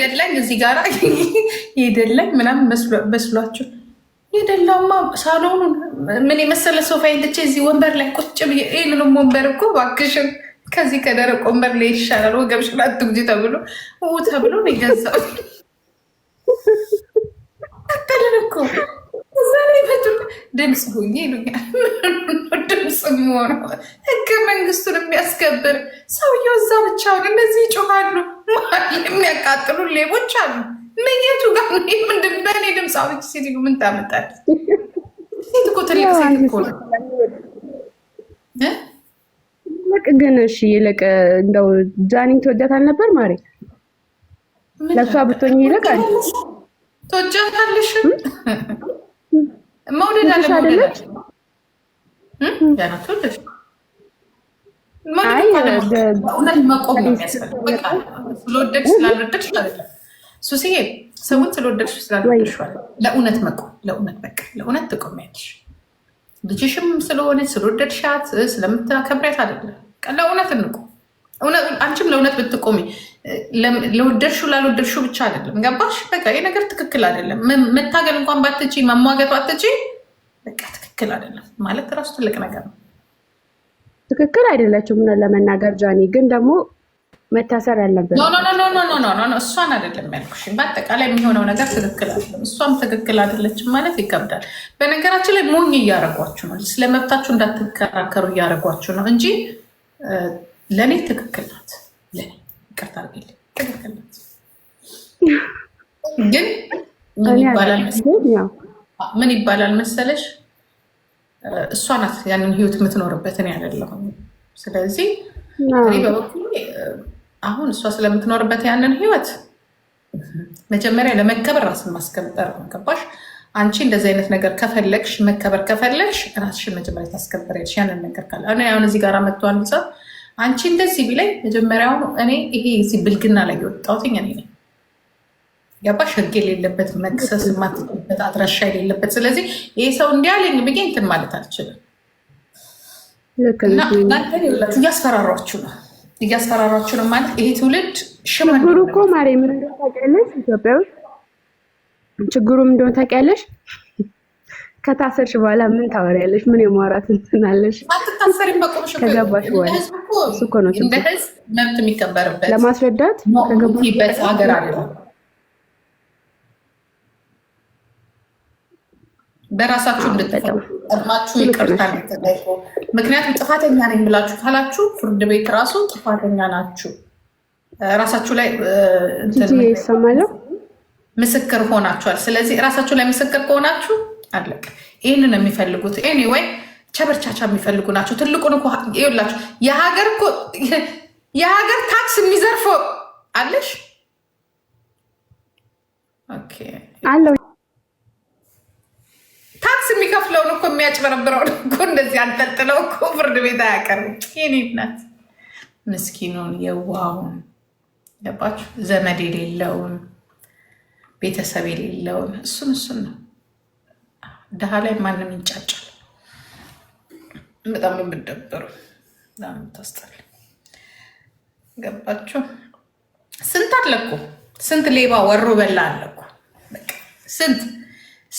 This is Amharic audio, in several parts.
ገድላኝ እዚህ ጋር ይደለኝ ምናምን መስሏችሁ የደላማ ሳሎኑ ምን የመሰለ ሶፋ ይልቼ እዚህ ወንበር ላይ ቁጭ ብዬ ይህንንም ወንበር እኮ እባክሽን ከዚህ ከደረቅ ወንበር ላይ ይሻላል ወገብሽን አትጉጂ ተብሎ ተብሎ ነው የገዛሁት። ድምፅ ሁኜ ይሉኛል። ድምፅ ሆነ ህገ መንግስቱን የሚያስከብር ሰውየው እዛ ብቻ ብቻውን እነዚህ ይጮኻሉ። የሚያቃጥሉ ሌቦች አሉ። ምየቱ ጋር ምንድን በእኔ ድምፅ አውጪ ሴት ምን ታመጣለች? ሴት እኮ ትልቅ ሴት እኮ ነው። ልቅ ግን እሺ፣ ይልቅ እንደው ጃኒን ትወዳታል ነበር ማሪ ለሷ ብትሆኝ ይለቃል አለ ትወጃታለሽ መውደድ አለ መውደድ ሱሴ ሰውን ስለወደድሽ ለእውነት መቆም ለእውነት በቃ ለእውነት ትቆሚያለሽ። ልጅሽም ስለሆነች ስለወደድሻት ስለምታከብሪያት አይደለም ለእውነት አንቺም ለእውነት ብትቆሚ ለወደድሽው ላልወደድሽው ብቻ አይደለም። ገባሽ? በቃ ይህ ነገር ትክክል አይደለም። መታገል እንኳን ባትቺ መሟገት ባትቺ በቃ ትክክል አይደለም ማለት ራሱ ትልቅ ነገር ነው። ትክክል አይደለችም ለመናገር ጃኒ፣ ግን ደግሞ መታሰር ያለበት እሷን አይደለም ያልኩሽ። በአጠቃላይ የሚሆነው ነገር ትክክል አይደለም። እሷም ትክክል አይደለችም ማለት ይከብዳል። በነገራችን ላይ ሞኝ እያደረጓችሁ ነው። ስለመብታችሁ እንዳትከራከሩ እያደረጓችሁ ነው እንጂ ለእኔ ትክክል ናት። ይቅርታ አድርጌልኝ ትክክል ናት። ግን ምን ይባላል መሰለሽ እሷ ናት ያንን ህይወት የምትኖርበትን እኔ ስለዚህ እኔ በበኩሌ አሁን እሷ ስለምትኖርበት ያንን ህይወት መጀመሪያ ለመከበር ራስን ማስከበር ገባሽ? አንቺ እንደዚህ አይነት ነገር ከፈለግሽ መከበር ከፈለግሽ ራስሽን መጀመሪያ ታስከብሪያለሽ። ያንን ነገር ካለ አሁን እዚህ ጋር መጥቷል አንቺ እንደዚህ ቢለኝ መጀመሪያውኑ እኔ ይሄ እዚህ ብልግና ላይ የወጣሁት እኔ ነኝ። ገባሽ? ህግ የሌለበት መክሰስ ማትበት አድራሻ የሌለበት ስለዚህ ይሄ ሰው እንዲያለኝ ብዬ እንትን ማለት አልችልም። እያስፈራሯችሁ ነው እያስፈራሯችሁ ነው ማለት ይሄ ትውልድ ሽማሩ እኮ ማርያም፣ ምን ታውቂያለሽ። ኢትዮጵያ ውስጥ ችግሩም እንደሆነ ታውቂያለሽ። ከታሰርሽ በኋላ ምን ታወሪያለሽ? ምን የማውራት እንትናለሽ? ከገባሽ በኋላ እሱ እኮ ነው መብት የሚከበርበት ለማስረዳት ሀገር አለ በራሳችሁ ይቅርታ እንድትጠይቁ። ምክንያቱም ጥፋተኛ ነኝ ብላችሁ ካላችሁ ፍርድ ቤት ራሱ ጥፋተኛ ናችሁ ራሳችሁ ላይ ምስክር ሆናችኋል። ስለዚህ ራሳችሁ ላይ ምስክር ከሆናችሁ አለቅ ይህንን የሚፈልጉት ኤኒዌይ ቸበርቻቻ የሚፈልጉ ናቸው። ትልቁን እኮ ይኸውላችሁ የሀገር ታክስ የሚዘርፈው አለሽ አለው ታክስ የሚከፍለውን እኮ የሚያጭበረብረውን እኮ እንደዚህ አንጠልጥለው እኮ ፍርድ ቤት አያቀርም። የኔ እናት ምስኪኑን የዋውን ገባችሁ ዘመድ የሌለውን ቤተሰብ የሌለውን እሱን እሱን ነው ድሃ ላይ ማንም ይንጫጫል። በጣም የምደበሩ በጣም ታስጠል ገባችሁ። ስንት አለኩ? ስንት ሌባ ወሮ በላ አለኩ? ስንት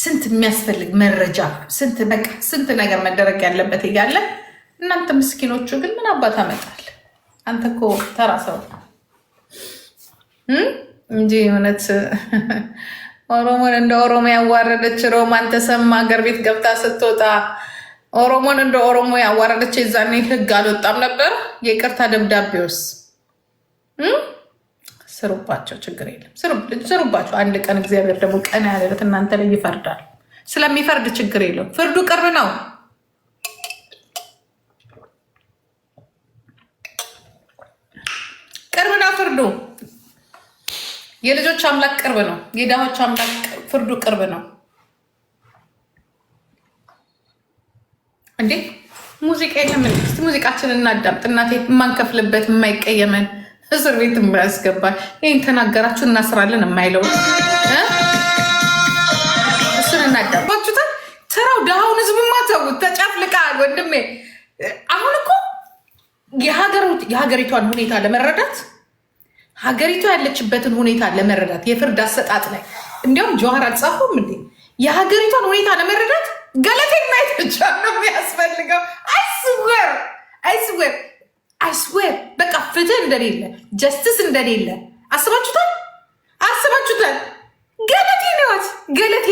ስንት የሚያስፈልግ መረጃ ስንት በቃ ስንት ነገር መደረግ ያለበት እያለ እናንተ ምስኪኖቹ ግን ምን አባት አመጣል። አንተ እኮ ተራ ሰው እንጂ እውነት ኦሮሞን እንደ ኦሮሞ ያዋረደች ሮማን ተሰማ ሀገር ቤት ገብታ ስትወጣ ኦሮሞን እንደ ኦሮሞ ያዋረደች የዛኔ ህግ አልወጣም ነበር። የቅርታ ደብዳቤውስ ስሩባቸው፣ ችግር የለም ስሩባቸው። አንድ ቀን እግዚአብሔር ደግሞ ቀን ያለለት እናንተ ላይ ይፈርዳል። ስለሚፈርድ ችግር የለው። ፍርዱ ቅርብ ነው። ቅርብ ነው ፍርዱ። የልጆች አምላክ ቅርብ ነው። የድሆች አምላክ ፍርዱ ቅርብ ነው። እንዴ ሙዚቃ የለም? እስቲ ሙዚቃችን እናዳምጥ። እናቴ የማንከፍልበት የማይቀየመን እስር ቤት የማያስገባ ይህን ተናገራችሁ እናስራለን የማይለው እሱን እናዳምጣችሁታል። ስራው ድሃውን ህዝብማ ተዉት፣ ተጨፍልቃል ወንድሜ። አሁን እኮ የሀገሪቷን ሁኔታ ለመረዳት ሀገሪቱ ያለችበትን ሁኔታ ለመረዳት የፍርድ አሰጣጥ ላይ እንዲያውም ጀዋር አልጻፈውም እንዴ? የሀገሪቷን ሁኔታ ለመረዳት ገለቴን ማየት ብቻ ነው የሚያስፈልገው። አይስዌር አይስዌር አይስዌር በቃ ፍትህ እንደሌለ ጀስትስ እንደሌለ አስባችሁታል አስባችሁታል። ገለቴ ነዋት ገለቴ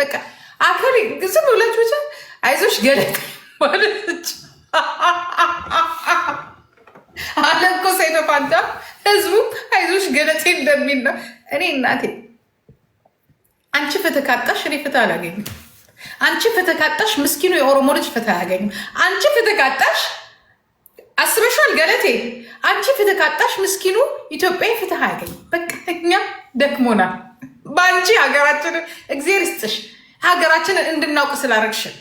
በቃ አፈሪ ዝም ብላችሁ ብቻ አይዞሽ ገለቴ ማለት እንደሚና እኔ እናቴ አንቺ ፍትህ ካጣሽ እኔ ፍትህ አላገኝም። አንቺ ፍትህ ካጣሽ ምስኪኑ የኦሮሞ ልጅ ፍትህ አያገኝም። አንቺ ፍትህ ካጣሽ አስበሻል ገለቴ፣ አንቺ ፍትህ ካጣሽ ምስኪኑ ኢትዮጵያ ፍትህ አያገኝም። በቃ እኛ ደክሞናል። በአንቺ ሀገራችንን እግዜር ይስጥሽ፣ ሀገራችንን እንድናውቅ ስላረግሽን።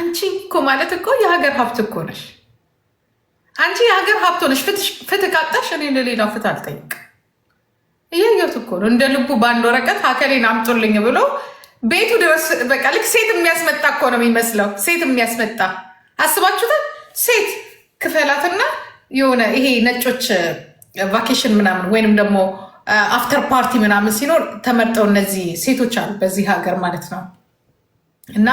አንቺ እኮ ማለት እኮ የሀገር ሀብት እኮ ነሽ። አንቺ የሀገር ሀብቶ ነሽ። ፍትህ ካጣሽ እኔ ለሌላ ፍትህ አልጠይቅ እያየሁት እኮ ነው። እንደ ልቡ በአንድ ወረቀት ሀከሌን አምጡልኝ ብሎ ቤቱ ድረስ በቃ ልክ ሴት የሚያስመጣ እኮ ነው የሚመስለው። ሴት የሚያስመጣ አስባችሁታል። ሴት ክፈላትና የሆነ ይሄ ነጮች ቫኬሽን ምናምን ወይንም ደግሞ አፍተር ፓርቲ ምናምን ሲኖር ተመርጠው እነዚህ ሴቶች አሉ በዚህ ሀገር ማለት ነው እና